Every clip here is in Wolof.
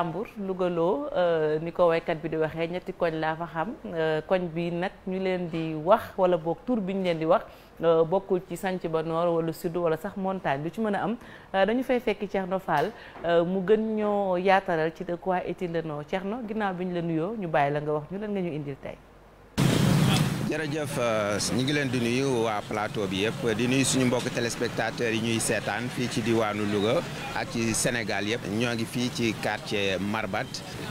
Tambour Louga loo euh, ni ko waykat bi di waxee ñetti koñ laa fa xam euh, koñ bi nag ñu leen di wax wala boog tur bi ñu leen di wax euh, bokkul ci sanc ba noor wala sud wala sax montagne lu ci mën a am dañu fay fekk Thierno Fall mu gën ñoo yaataral ci de quoi est-il le nom Thierno ginnaaw bi ñu la nuyoo ñu bàyyi la nga wax ñu leen nga ñu indil tey. jërëjëf euh, ñu ngi leen di nuyu waa plateau bi yëpp di nuyu suñu mbokk téléspectateurs yi ñuy seetaan fii ci diwaanu Louga ak ci Sénégal yëpp ñoo ngi fii ci quartier Marbat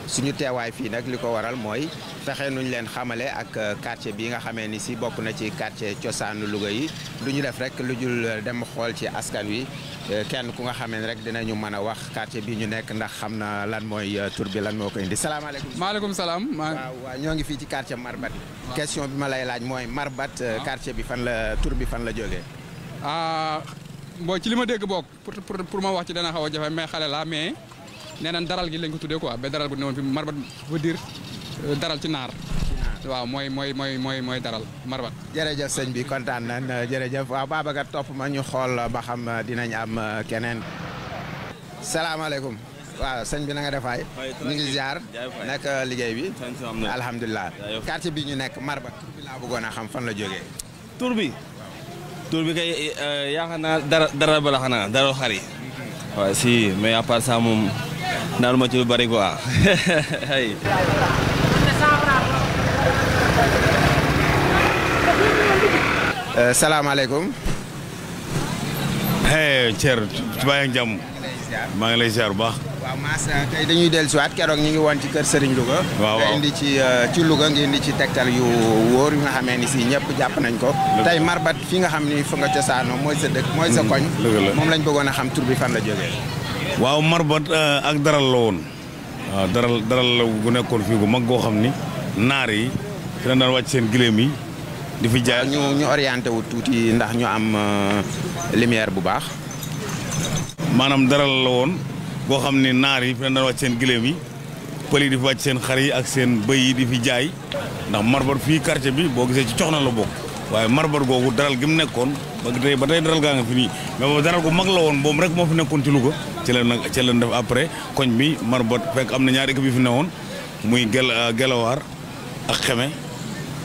suñu teewaay fii nag li ko waral mooy fexe nuñ leen xamale ak euh, quartier bi nga xamee ni si bokk na ci quartier cosaanu Louga yi du ñu def rek lu jul euh, dem xool ci askan wi kenn ku nga xamee ni rek dinañu mën a wax quartier bi ñu nekk ndax xam na lan mooy tur bi lan moo ko indi salaamaaleykum. maaleykum salaam. ñoo ngi fii ci quartier Marbat lay laaj mooy Marbat. Euh, ah. quartier bi fan la tur bi fan la jógee. boo ah, ci li ma dégg boog pour pour ma wax ci dana xaw a jafe mais xale la mais nee daral gi lañ ko tuddee quoi ba daral gu ne woon fi Marbat veut dire euh, daral ci naar. waaw mooy mooy mooy mooy mooy daral marbat jërëjëf sëñ bi kontaan nañ euh, jërëjëf waaw Babacar topp ma ñu xool ba xam dinañ am keneen salaamaaleykum waaw sëñ bi na nga defaay ñu nekk euh, liggéey bi alhamdulilah quartier bi ñu nekk Marba tur bi laa bëggoon xam fan la jógee tur bi kay euh, yaakaar naa dara dara bala xanaa dara xar yi hmm. waaw si mais à part ça moom ma ci lu bari euh, hey Thierno. maa ngi lay ziar bu baax. waaw Mass euh, tey dañuy dellu si ñu ngi woon ci kër Serigne Louga. waaw nga indi ci euh, ci Louga nga indi ci tegtal yu wóor yu nga xamee ni si ñëpp jàpp nañ ko. tey Marbat fi nga xam ni fa nga cosaanoo mooy sa dëkk. mooy sa mm, koñ moom lañ bëggoon a xam tur la jógee. waaw Marbat euh, ak daral la woon. waaw daral la gu nekkoon fi gu mag goo xam ni naar yi fi la daan wàcc seen gileem yi. di fi jaay ñu ñu orienté wu tuuti ndax ñu am lumière bu baax. maanaam daral la woon. boo xam ne naar yi fi daan wàcc seen giléem yi pël yi di fi wàcc seen xar yi ak seen bëy yi di fi jaay ndax marbar fii quartier bi boo gisee ci coxna la bokk waaye marbar googu daral gi mu nekkoon ba tey ba tey daral gaa nga fi nii mais boobu daral gu mag la woon boobu rek moo fi nekkoon ci Louga ci la nag ci la def après koñ bi marbar fekk am na ñaari équipe yi fi newoon muy gel euh, gelawaar ak xeme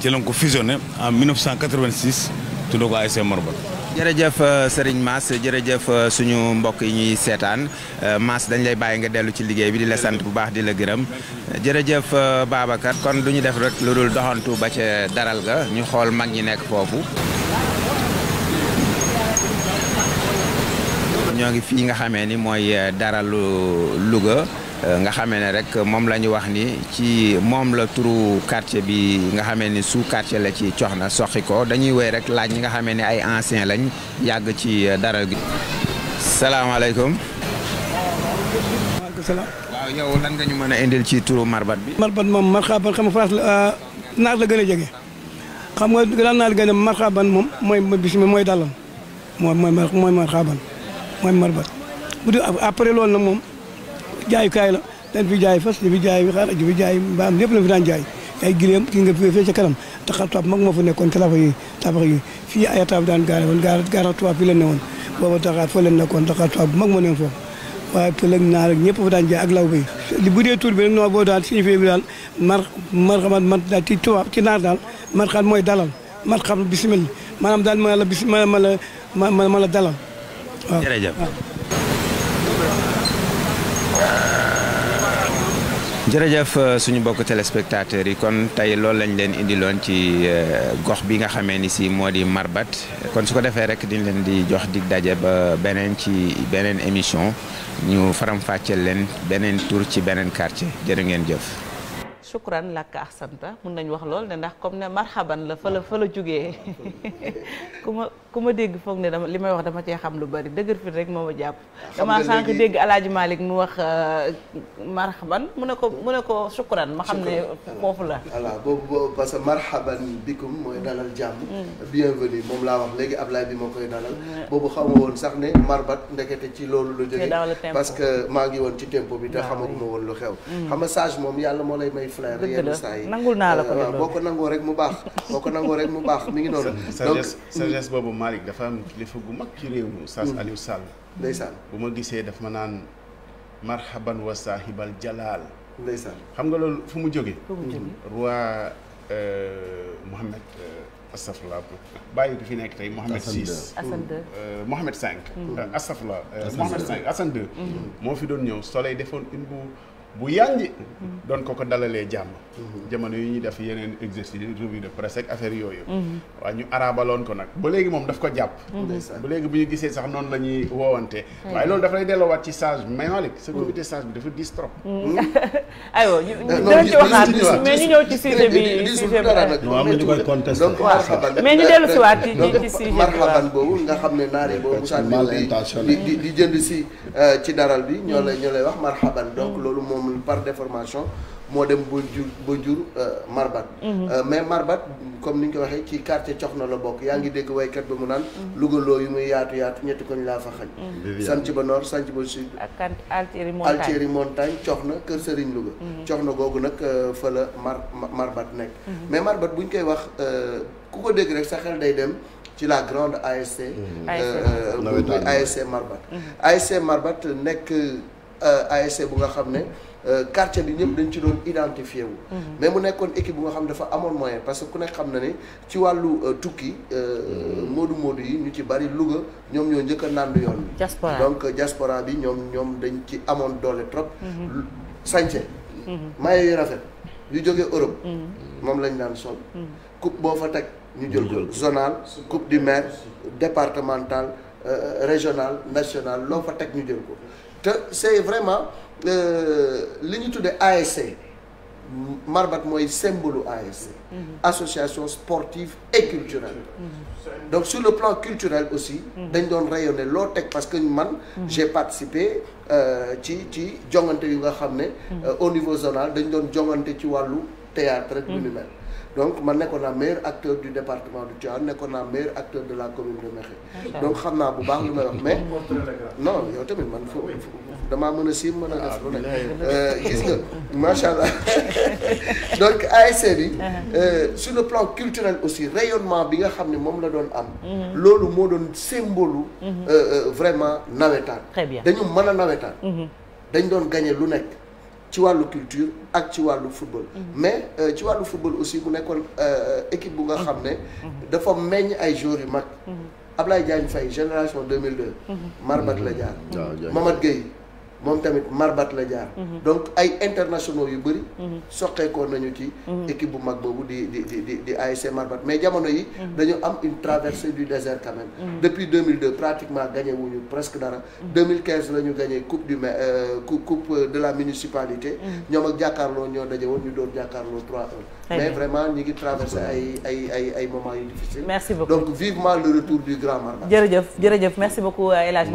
ci lañ ko fusionné en 1986 tuddoo ko ASC marbar jërëjëf euh, Serigne Mass jërëjëf euh, suñu mbokk yi ñuy seetaan euh, Mass dañ lay bàyyi nga dellu ci liggéey bi di la sant bu baax di la gërëm jërëjëf Babacar kon du ñu def rek lu dul doxantu ba ca daral ga ñu xool mag ñi nekk foofu. ñoo ngi fii nga xamee ni mooy daralu Louga. Euh, nga xamee ne rek moom la ñu wax ni ci moom la turu quartier bi nga xamee ni su quartier la ci Coxna soqi ko dañuy woy rek laaj ñi nga xamee ne ay ancien lañ yàgg ci euh, dara gi. salaamaaleykum. waaleykum salaam. waaw yow lan nga ñu mën a indil ci turu marbat bi. marbat moom marxaban xam nga euh, la gën a jege xam nga gën a gën a moom mooy bisimilah mooy dalam mooy mooy marxaban mooy marbat bu dee après loolu moom. jaayukaay la dañ fi jaay fas di fi jaay wi xaar di fi jaay mbaam lépp la fi daan jaay ay gileem ki nga fee ca kanam taxa tubaab mag moo fa nekkoon ci lafa yi tabax yi fii ay taab daan gaare woon gaara tubaab fii la ne woon booba taxa fa la nekkoon taxa tubaab mag moo ne foofu waaye pël ak naar ak ñëpp fa daan jaay ak law bay li bu dee tur bi nag noo boo daal signifié bi daal mar mar xamat man daal ci tubaab ci naar daal mar xam mooy dalal mar xam bisimil maanaam daal ma la bis ma la ma la dalal waaw jërëjëf jërëjëf euh, suñu mbokk téléspectateurs yi kon tey loolu lañ leen indiloon ci euh, gox bi nga xamee ni si moo di Marbat kon su ko defee rek diñ leen di jox di daje ba beneen ci beneen émission ñu faram fàcceel leen beneen tour ci beneen quartier jërë ngeen jëf shukran làkk ahsanta mun nañ wax lool ne ndax comme ne marhaban la fa la fa la jugee ku ma ku ma dégg foog ne dama li may wax dama cee xam lu bari dëgër fit rek moo ma jàpp dama sànq dégg alaaji Malick mu wax euh, marhaban mu ne ko mu ne ko shukran ma xam ne foofu la voilà boobu parce que marhaban bikum mooy dalal jàmm mm. bienvenue moom laa wax léegi Ablaye bi moo koy dalal mm. boobu xaw ma sax ne marbat ndekete ci loolu la jógee parce que maa ngi woon bi te mm. yàlla moo lay may flair yenn saa yi nangul naa la ko de euh, boo ko nangoo rek mu baax boo ko nangoo rek mu baax mi ngi noonu donc sagesse boobu Malick dafa am kilifa gu mag ci réew mi Oustaz hmm. Aliou Sall ndeysaan bu ma gisee dafa ma naan marhaban wa saahibal jalaal ndeysaan xam nga loolu fu mu jóge hmm. roi euh, Mohamed euh, astafurlah bàyyi bi fi nekk tey Mohamed six hmm. Mohamed cinq astafurlah Mohamed cinq Hassan deux moo fi doon ñëw soleil defoon une bu yànji doon ko ko dalalee jàmm jamono yi ñuy def yeneen exercice revue de presse ak affaire yooyu waaw ñu arabaloon ko nag ba léegi moom daf ko jàpp ba léegi bu ñu gisee sax noonu la ñuy woowante waaye loolu daf lay delloowaat ci sage maolick sa comité sage bi dafa diis trop mm. hmm? aywa dinañ ci waxaat mais ñu ñëw ci sujet bi sujet bi am nañu koy contesté mais ñu dellu si waat ci sujet bi marhaban boobu di jënd si euh, ci daral bi ñoo lay ñoo lay wax marhaban donc mm. loolu moom xam ne par déformation moo dem ba jur ba jur euh, Marbat. Mhm. Euh, mais Marbat comme ni ñu ko waxee ci quartier Coxna la bokk yaa ngi dégg waykat ba mu naan. Mhm. Lougaloo yu muy yaatu yaatu ñetti koñ laa fa xañ. Mhm. sanc ba nord sanc ba sud. ak altieri montagne altieri montagne Coxna Kër Serigne Louga. Coxna googu nag euh, fa la Mar Marbat nekk. mais Marbat bu ñu koy wax ku ko dégg rek sa xel day dem. ci la grande ASC. ASC Marbat. ASC Marbat nekk ASC bu nga xam ne. Euh, quartier bi ñëpp dañ ci doon identifié wu. Mhm. mais mu nekkoon équipe bu nga xam dafa amoon moyen parce que ku nekk xam na ne ci wàllu euh, tukki. Euh, mhm. moodu moodu yi ñu ci bari Louga ñoom ñoo njëkk a nandu yoon bi. donc diaspora bi ñoom ñoom dañ ci amoon doole trop. Mhm. sànce. maillot yu rafet yu jógee Europe. moom lañ daan sol. coupe boo fa teg ñu jël ko zonal coupe du maire départemental régional national loo fa teg ñu jël ko te c'est vraiment. Euh, li ñu tuddee ASC Marbat mooy symbole ASC mhm. association sportive et culturelle mhm. donc sur le plan culturel aussi mhm. dañ doon rayonner loo teg parce que man j'ai participé euh, ci ci jongante yu nga xam ne euh, au niveau zonal dañ doon joŋante ci wàllu théâtre ak donc man nekkoon naa meilleur acteur du département de Tivaouane nekkoon naa meilleur acteur de la commune de Mekhe donc xam naa bu baax lu may wax mais non yow tamit man foofu damaa mën a siim mën a def lu ne euh, gis nga macha allah donc ASC bi uh-huh. euh, sur le plan culturel aussi rayonnement bi nga xam ne moom la doon am mm-hmm. loolu moo doon symbole mm-hmm. euh, vraiment nawetaan dañu mën a nawetaan mm-hmm. dañ doon gagné lu nekk ci wàllu culture ak ci wàllu football. Mm-hmm. mais euh, ci wàllu football aussi mu nekkoon euh, équipe bu nga mm-hmm. xam ne. Mm-hmm. dafa meññ ay joueurs yu mag. Ablaye Diagne Faye génération 2002. Marbat la jaar. Mamad Gueye. moom tamit marbat la jaar. donc ay internationaux yu bëri. soqeekoo nañu ci. équipe bu mag boobu di di di di ASC marbat mais jamono yi. dañu am une traversée du désert quand même. depuis 2002 pratiquement gagné wuñu presque dara. 2015 la ñu gagné coupe du ma coupe de la municipalité. ñoom ak jàkkaarloo ñoo daje woon ñu doon jàkkaarloo 3-1. mais vraiment ñu ngi traversé ay ay ay yu difficile. donc vivement le retour du grand marbat. jërëjëf jërëjëf merci beaucoup El Hadj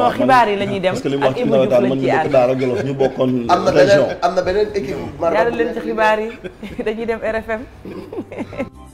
non xibaar yi la ñuy dem ak Ibou Diouf lañ ci ànd parce que li mu wax ci ñu bokkoon région am na beneen équipe. maa leen ci xibaar yi dañuy dem RFM.